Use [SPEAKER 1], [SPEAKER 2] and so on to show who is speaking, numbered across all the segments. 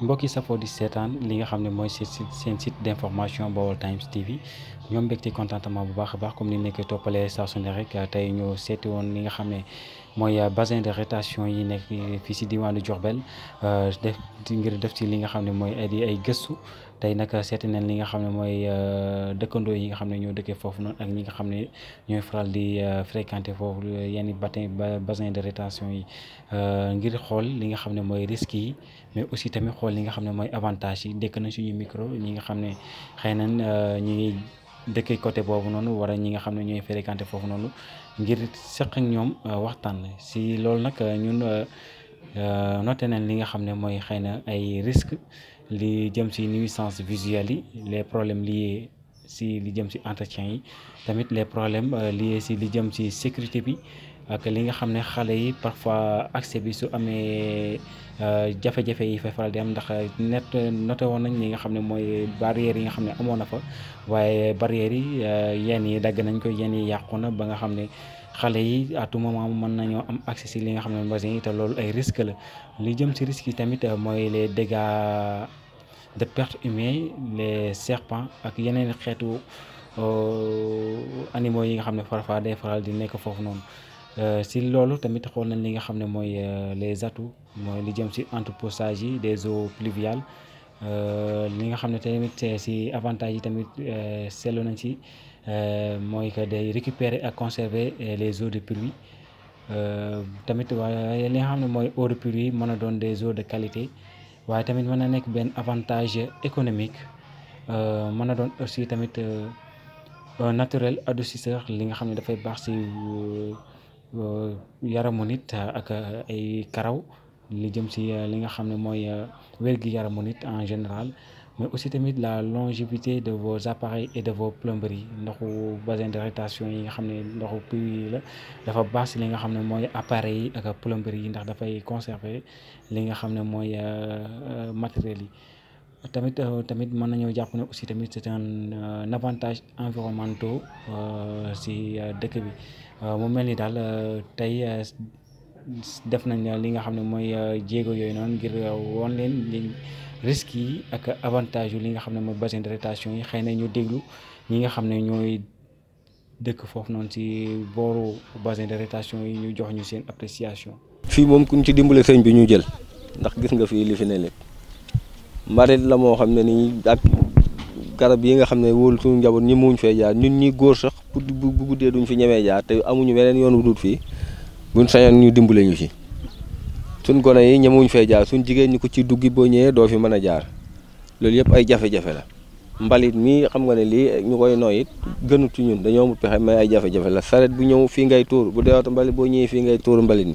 [SPEAKER 1] mbokki safoo di seetaan li nga xam ne mooy seen site d'information Baol Times TV ñoom mbégte contentement bu baax a baax comme ni nekk toppalee saa su ne rek tey ñoo seeti woon li nga xam ne mooy euh, bassin de rétation yi nekk fii si diwaanu Diourbel euh, def ngir def ci li nga xam ne mooy ay ay gëstu tey nag seeti nañ li nga xam ne mooy euh, dëkkandoo yi nga xam ne ñoo dëkkee foofu noonu ak ñi nga xam ne ñooy faral di euh, fréquenter foofu euh, yenn bassin basin de rétention yi ngir xool li nga xam ne mooy risques yi mais aussi tamit xool li nga xam ne mooy avantages yi dëkk nañ suñu micro ñi nga xam ne xëy na ñu ngi dëkkee côté boobu noonu wala ñi nga xam ne ñooy fréquenter foofu noonu ngir seq ñoom waxtaan si loolu nag ñun noté nañ li nga xam ne mooy xëy na ay risques. li jëm si nuisance visuelle yi les problèmes liés si li jëm si entretien yi tamit les problèmes euh, liés si li jëm si sécurité bi ak li nga xam ne xale yi parfois accès bi su amee euh, jafe-jafe yi fay faral di am ndax net noté nañ li nga xam ne mooy barrières yi nga xam ne amoon na fa waaye barrières yi euh, yenn yi dagg nañ ko yenn yi yàqu na ba nga xam ne xale yi à tout moment mën nañoo am accès si li nga xam ne mbasin yi te loolu ay risque la li jëm si risque yi tamit euh, mooy les dégâts de perte humaines les serpents ak yeneen xeetu euh, animaux yi nga xam ne farfa day faral di nekk foofu noonu euh, si loolu tamit xool nañ li nga xam ne mooy les atouts mooy li jëm si entreposage yi des eaux pluviales li nga xam ne tamit si avantages yi tamit seetlu nañ si Euh, mooy que day récupérer ak conserver euh, les eaux de pluie euh, tamit waaye li nga xam ne mooy eau de pluie mën a doon des eaux de qualité waaye tamit mën na nekk benn avantage économique mën a doon aussi tamit naturel adoucisseur li nga xam ne dafay baax si yaramu nit ak ay karaw li jëm si li nga xam ne mooy wér-gi-yaramu nit en général mais aussi tamit la longévité de vos appareils et de vos plomberies ndoxu basin de yi nga xam ne ndoxu puits la dafa baax si li nga xam ne mooy appareils yi ak plomberie yi ndax dafay conserver li nga xam ne mooy euh, euh, matériels yi tamit euh, tamit mën nañoo jàpp ne aussi tamit c'est un avantage environnemental si dëkk bi mu mel ni daal tey def nañ li nga xam ne mooy jéego yooyu noonu ngir woon leen risques yi ak avantage li nga xam ne mooy bassin de rétention yi xëy na déglu ñi nga xam ne ñooy dëkk foofu noonu ci booru bassin de rétention yi ñu jox ñu seen appréciation.
[SPEAKER 2] fii moom kuñ ci dimbale sëñ bi ñu jël ndax gis nga fii li fi ne lépp mbarit la moo xam ne nii ak garab yi nga xam ne wóolu suñu njaboot ñi muñ fee jaar ñun ñi góor sax bu bu guddee duñ fi ñemee jaar te amuñu weneen yoonu wu dut fii buñ sañoon ñu dimbale ñu ci. suñ gone yi ñemewuñ fee jaar suñ jigéen ñi ko ci duggi boo ñëwee doo fi mën a jaar loolu yëpp ay jafe-jafe la mbalit mi xam nga ne lii ñu koy nooy it ñun dañoo mut pexe mais ay jafe la saret bu ñëw fii ngay tuur bu deewata mbalit boo ñëwee fii ngay tuur mbalit mi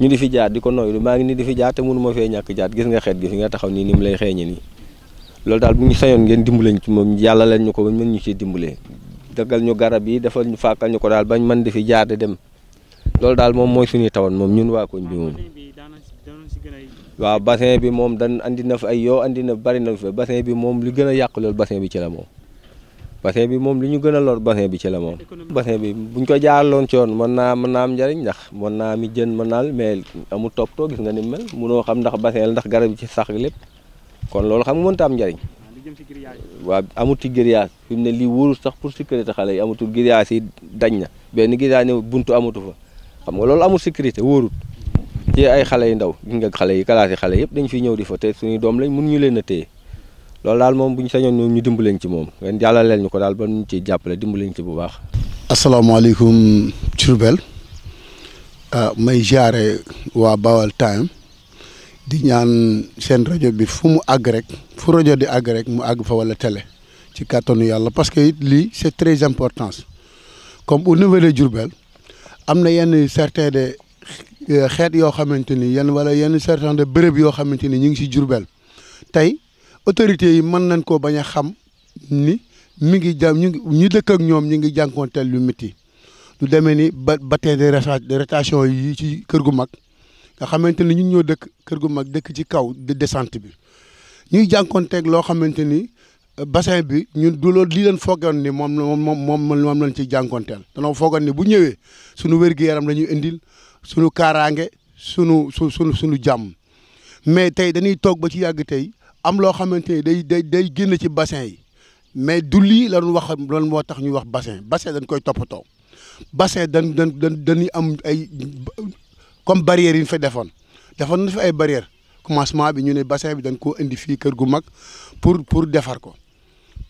[SPEAKER 2] ñu di fi jaar di ko nooylu maa ngi nii di fi jaar te mënu fee ñàkk jaat gis nga xet gi fi nga taxaw nii ni mu lay xeeñe nii loolu daal bu ñu sañoon ngeen dimbalañ ci moom yàlla leen ñu ko bañ mën ñu ciy dimbalee daggal ñu garab yi defal ñu fàkkal ñu ko daal bañ mën di fi jaar dem loolu daal moom mooy suñuy tawan moom ñun waa koñ bi moom waaw bassin bi moom dan andi na fi ay yoo andi na bari na fi bassin bi moom li gën a yàq loolu bassin bi ci la moom bassin bi moom li ñu gën a lor bassin bi ci la moom bassin bi buñ ko jaarloon ci yoon mën naa mën naa am njariñ ndax mën naa am jën mën naal mais amul toppatoo gis nga ni mel munoo xam ndax bassin la ndax garab yi ci sax lépp kon loolu xam nga mënta am njariñ waaw amuti grillage fi mu ne lii wóorul sax pour si sécurité xale yi amutul grillage yi dañ na benn grillage buntu amatu fa xam nga loolu amul sécurité wóorut ci ay xale yu ndaw gis nga xale yi kalaas yi xale yëpp dañ fiy ñëw di fa te suñuy doom lañ mun ñu leen a téye loolu daal moom buñ ñu sañoon ñoom ñu dimbalañ ci moom ngeen jàllaleel ñu ko daal ba ñu ciy jàppale dimbalañ ci bu baax.
[SPEAKER 3] asalaamaaleykum Diourbel ah, may jaare waa Baol Time di ñaan seen rajo bi fu mu àgg rek fu rajo di àgg rek mu àgg fa wala télé ci kàttanu yàlla parce que it lii c'est très importance comme au niveau de am na yenn certain de euh, xeet yoo xamante ni yenn wala yenn certain de béréb yoo xamante ni ñu ngi si Jurbel tey autorités yi mën nañ ko bañ a xam ni mi ngi ja ñu ngi ñu dëkk ak ñoom ñu ngi jànkoonteel lu métti lu demee ni ba battee de rétention yi ci kër gu mag nga xamante ni ñun ñoo dëkk kër gu mag dëkk ci kaw de descente bi ñuy jànkoonteeg loo xamante ni bassin bi ñun du loolu lii leen foogoon ni moom moom moom moom lañ ciy jànkonteel danoo foogoon ni bu ñëwee suñu wér-gu-yaram la ñuy indil suñu kaaraange sunu su suñu suñu jàmm mais tey dañuy toog ba ci yàgg tey am loo xamante ni day day day génn ci bassin yi mais du lii la doon wax loolu moo tax ñuy wax bassin bassin dañ koy toppatoo bassin dañ dañ dañuy am ay comme barrières yi ñu fa defoon defoon na fi ay barrières commencement bi ñu ne bassin bi dañ koo indi fii kër gu mag pour pour defar ko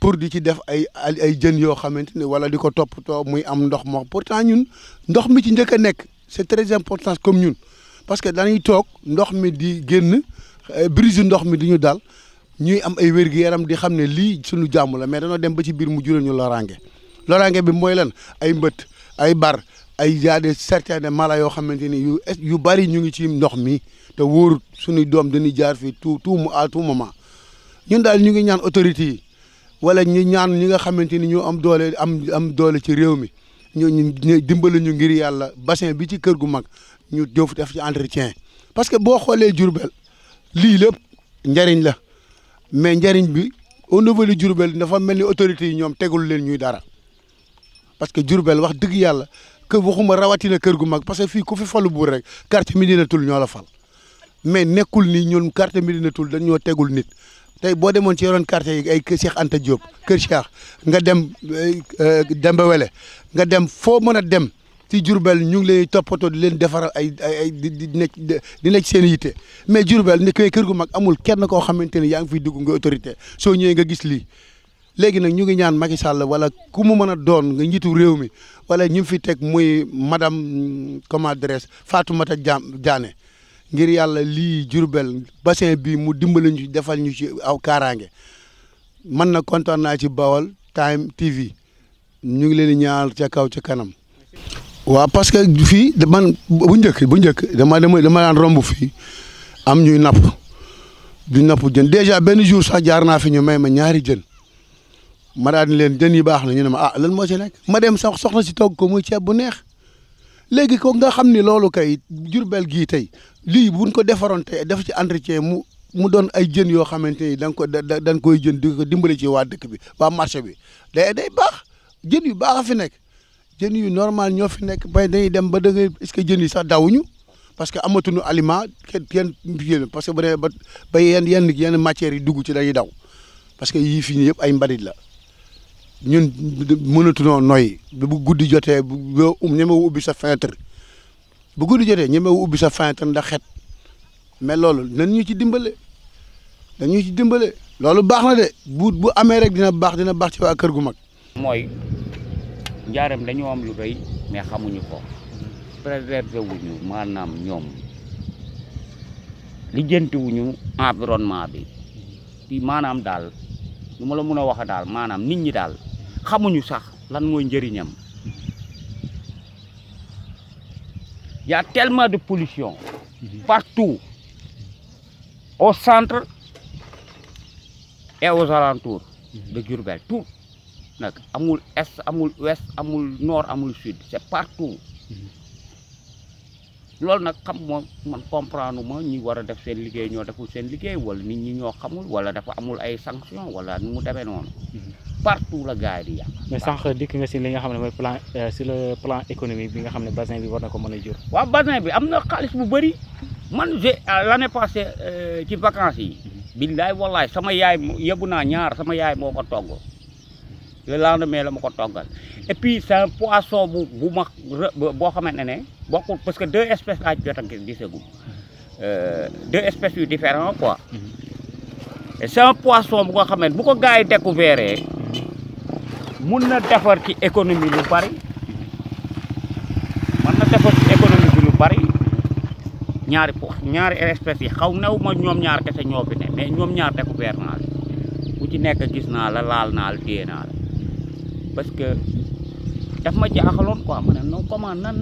[SPEAKER 3] pour di ci def ay ay jën yoo xamante ne wala di ko toppatoo muy am ndox moo pourtant ñun ndox mi ci njëkk a nekk c'est très important comme ñun parce que dañuy toog ndox mi di génn euh, brise ndox mi di ñu daal ñuy am ay wér yaram di xam ne lii suñu jàmm la mais danoo dem ba ci biir mu jural ñu loraange loraange bi mooy lan ay mbët ay bar ay jaade certaines mala yoo xamante ni yu yu ñu ngi ci ndox mi te wóorut suñuy doom dañuy jaar fii tout tout à tout moment ñun daal ñu ngi ñaan autorités yi wala ñu ñaan ñi nga xamante ni ñu am doole am am doole ci réew mi ñu ñu dimbali ñu ngir yàlla bassin bi ci kër gu mag ñu jëf def ci entretien parce que boo xoolee Diourbel lii lépp njariñ la mais njariñ bi au niveau de Diourbel dafa mel ni autorités yi ñoom tegul leen ñuy dara parce que Diourbel wax dëgg yàlla kër waxuma rawatina kër gu mag parce que fii ku fi falu buur rek quartier Médinatoul ñoo la fal mais nekkul ni ñun quartier Médinatoul dañ ñoo tegul nit tey boo demoon ci yoroon quartier yi ay kër Cheikh Anta Diop kër Cheikh nga dem eh, eh, Demba Wele nga dem foo mën a dem ci Diourbel ñu ngi lay toppatoo di leen defaral ay ay ay di di nekk seen yitte mais Diourbel ne kër gu mag amul kenn koo xamante ni yaa ngi fiy dugg nga autorité soo ñëwee nga gis lii. léegi nag ñu ngi ñaan Macky Sall wala ku mu mën a doon nga njiitu réew mi wala ñu fi teg muy madame mm, comment dirais-je Fatoumata Diané. ngir yàlla lii Jurbel bassin bi mu dimbali ñu defal ñu ci aw kaaraange man na kontaan naa ci Baol Time TV ñu ngi leen di ñaanal ca kaw ca kanam. waaw parce que fii man bu njëkk bu njëkk dama dama dama daan romb fii am ñuy napp du napp jën déjà benn jour sax jaar naa fi ñu may ma ñaari jën ma leen jën yi baax na ñu ne ma ah lan moo ci nekk ma dem sax soxna si toog ko muy ceeb bu neex. léegi ko nga xam ni loolu kay Jurbel gii tey lii buñ ko defaroon tey def ci entretien mu mu doon ay jën yoo xamante ni da nga ko da dañ koy jën ko dimbali ci waa dëkk bi waa marché bi day day jën yu baax a fi nekk jën yu normal ñoo fi nekk ba dañuy dem ba dëgg est jën yi sax dawuñu parce que amatuñu aliment kenn kenn parce que bu demee ba ba yenn yenn yenn matières yi dugg ci dañuy daw parce que yii fi ñu yëpp ay mbalit la ñun mënatunoo noy bu guddi jotee bu um ñemewu ubbi sa fenêtre bu guddi jotee ñemewu ubbi sa fenêtre ndax xet mais loolu nan ñu ci dimbale nan ñu ci dimbale loolu baax na de bu amee rek dina baax dina baax ci waa kër gu mag.
[SPEAKER 4] mooy njaaram dañoo am lu doy mais xamuñu ko préserver wuñu maanaam ñoom lijjanti wuñu environnement bi fii maanaam daal lu ma la mun a wax daal maanaam nit ñi daal. xamuñu sax lan mooy njëriñam y a tellement de pollution partout au centre et aux alentours de Diourbel tout nag amul est amul ouest amul nord amul sud c'est partout loolu nag xam moom man comprendre ma ñi war a def seen liggéey ñoo deful seen liggéey wala nit ñi ñoo xamul wala dafa amul ay sanction wala nu mu demee noonu partout la gars yi di yàq.
[SPEAKER 1] mais sànq dikk nga si li nga xam ne mooy plan euh, si le plan
[SPEAKER 4] économique bi nga xam ne bassin bi war na ko mën a jur. waaw bassin bi am na xaalis bu bëri man j' euh, l' année passée euh, ci vacances yi. billaay wallaay sama yaay yóbbu naa ñaar sama yaay moo ko togg le lendemain la ma ko toggal et puis c'est un bu bu ma boo xamante ne bokkul parce que deux espèces a jot a gis gisagu deux espèces yu différent quoi. Mm-hmm. et c'est un poisson mun na defar ci économie lu bari mën na defar ci économie bi lu bari ñaari ñaari espèces yi xaw naw ma ñoom ñaar kese ñoo ne mais ñoom ñaar découvert naa la ku ci nekk gis naa la laal naa la téye naa la parce que def ma jaaxaloon ko ma ne non comment nan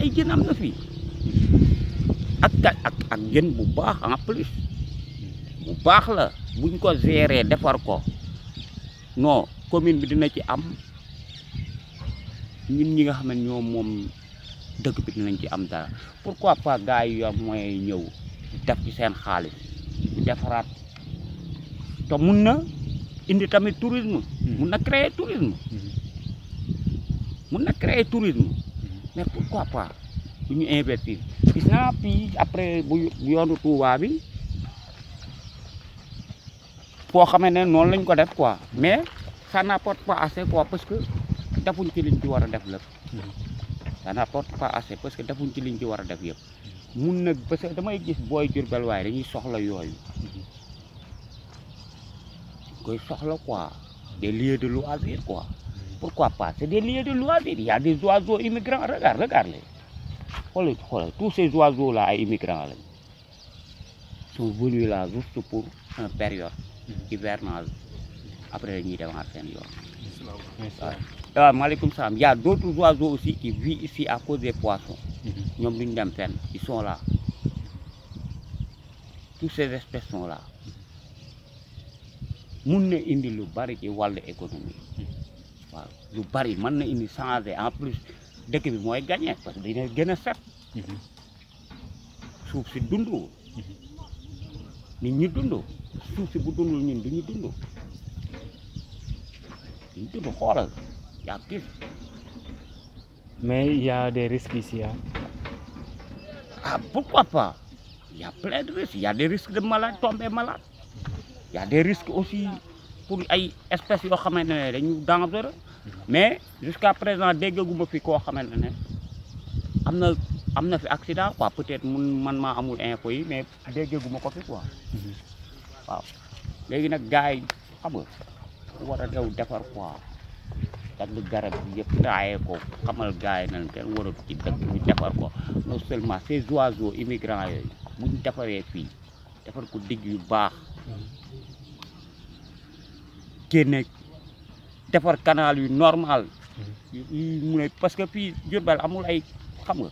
[SPEAKER 4] ay jën am na fii ak ak bu baax en plus bu baax la buñ ko gérer defar ko non commune bi dina ci am ñun ñi nga xam ne ñoom moom dëkk bi dinañ ci am dara pourquoi pas gars yi yor ñëw def ci seen xaalis defaraat te mun na indi tamit tourisme hmm. mun na créer tourisme mun na créer hmm. mais pourquoi pas bu ñu investir gis naa après bu yoonu Touba bi foo xamee ne noonu lañ ko def quoi mais ça n'apporte pas assez quoi parce que defuñ ci li ci war a def lépp ça mm-hmm. n'apporte pas assez parce que defuñ ci liñ ci war a def yëpp mun nag parce damay gis booy Jurbel waaye dañuy soxla yooyu mm-hmm. koy soxla quoi des lieux de loisir quoi mm-hmm. pourquoi pas c'est des lieux de loisir il y a des oiseaux immigrants regarde regarde les xoolal xoolal tous ces oiseaux là ay immigrants lañ sont venus là juste pour un période hivernage après ñuy demaat seen yoon.
[SPEAKER 1] waaw
[SPEAKER 4] salaam y' a d' autres oiseaux aussi qui vivent ici à cause des poissons. Mhm. ñoom duñ dem fenn ils sont là toutes ces espèces sont là mun na indi lu bari ci wàllu économie mhm. lu bari mën na indi changer en plus dëkk bi mooy gagné parce que dina gën a set. Mhm. suuf si dundul nit ñi dund suuf si bu dundul ñun du ñu dund. dudu xoolal yaa pil mais il y a des risques ici hein? ah pourquoi pas il y a plein de risques il y a des risques de malade aussi pour ay espèces yoo xamante ne dañu dangereux mais jusqu'à présent déggaguma fi koo xamante ne am na am na fi accident quoi peut-être mun man ma amul info yi mais déggaguma ko fi quoi mhm. waaw léegi nag gars yi war a daw defar quoi dagg garab bi yëpp taaye ko xamal gaay nan kenn waratu ci dëkk ñu defar ko non seulement ces oiseaux immigrants yooyu buñ defaree fii defar ko digg yu baax génne defar canal yu normal yu mu ne parce que fii Diourbel amul ay xam nga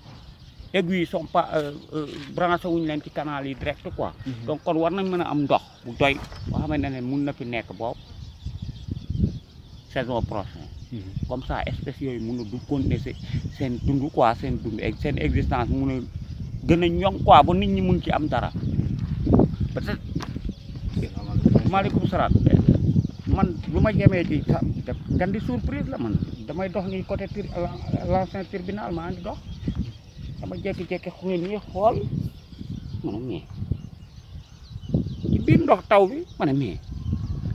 [SPEAKER 4] aiguilles yi sont pas euh, euh, branché leen ci kanaal yi direct quoi mhm. donc kon war nañ mën a am ndox bu doy boo xamante ne mun na fi nekk boobu saison prochaine mhm. comme ça espèces yooyu mun a du continuer seen dund quoi seen dund seen existence mun a gën a ñoŋ quoi ba nit ñi mun ci am dara parce que maaleykum salaam man lu ma jemee ci gan di surprise la man damay dox ni côté tur l'ancien tribunal maa ngi dox dama jekki-jekki xëy nii xool ma ne mais biir ndox taw bi ma ne mais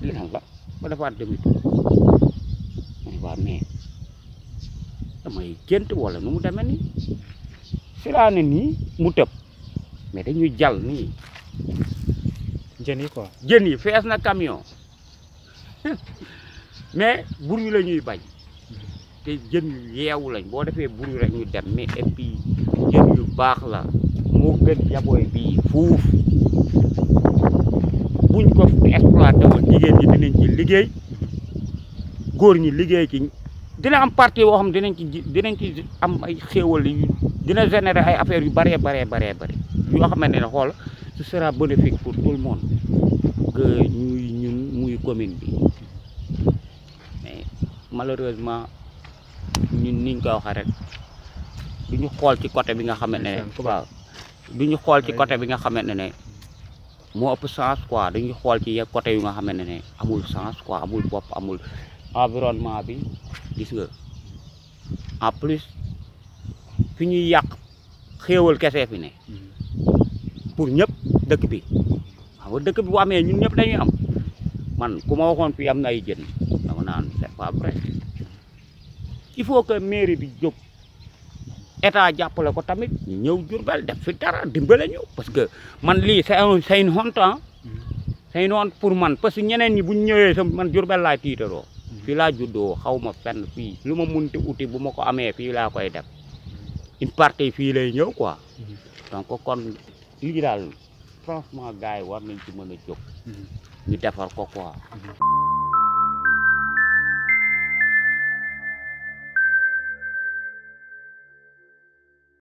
[SPEAKER 4] li ba defaat demi waa mais gént walla nu mu demee nii si nii mu tëb mais dañuy jàll nii. jën yi quoi jën yi fees na camion mais buru la ñuy bañ te jën yu yeewu lañ boo defee buru rek ñu dem mais et jën yu baax la moo gën yabooy bii fuuf buñ ko exploité woon jigéen ñi dinañ ci liggéey. góor ñi liggéey ci dina am parti boo xam dinañ ci dinañ ci am ay xéewal yu dina générer ay affaires yu bëree baree baree bëri yoo xamante ne xool ce sera bénéfique pour tout le monde que ñuy ñun muy commune bi malheureusement ñun niñ ko waxee rek du ñu xool ci côté bi nga xamante ne waaw ñu xool ci côté bi nga xamante ne moo ëpp sens quoi dañuy xool ci côté yu nga xamante ne amul sens koi amul bopp amul environnement bi gis nga en plus fi ñuy yàq xéewal kese fi ne pour ñëpp dëkk bi xam nga dëkk bi bu amee ñun ñëpp dañuy am man ku ma waxoon fii am na ay jën dama naan c'est pas vrai il faut que mairie bi jóg état jàppale ko tamit ñu ñëw Jurbel def fi dara dimbale ñu parce que man lii c'est un c'est une honte mm. c'est une honte pour man parce que ñeneen ñi bu ñu ñëwee sa man Jurbel laa tiitaroo fii laa juddoo xaw ma fenn fii lu ma munti uti bu ma ko amee fii laa koy def une partie fii lay ñëw quoi donc kon lii daal franchement gars yi war nañ ci mën a jóg mhm. ñu defar ko quoi mhm.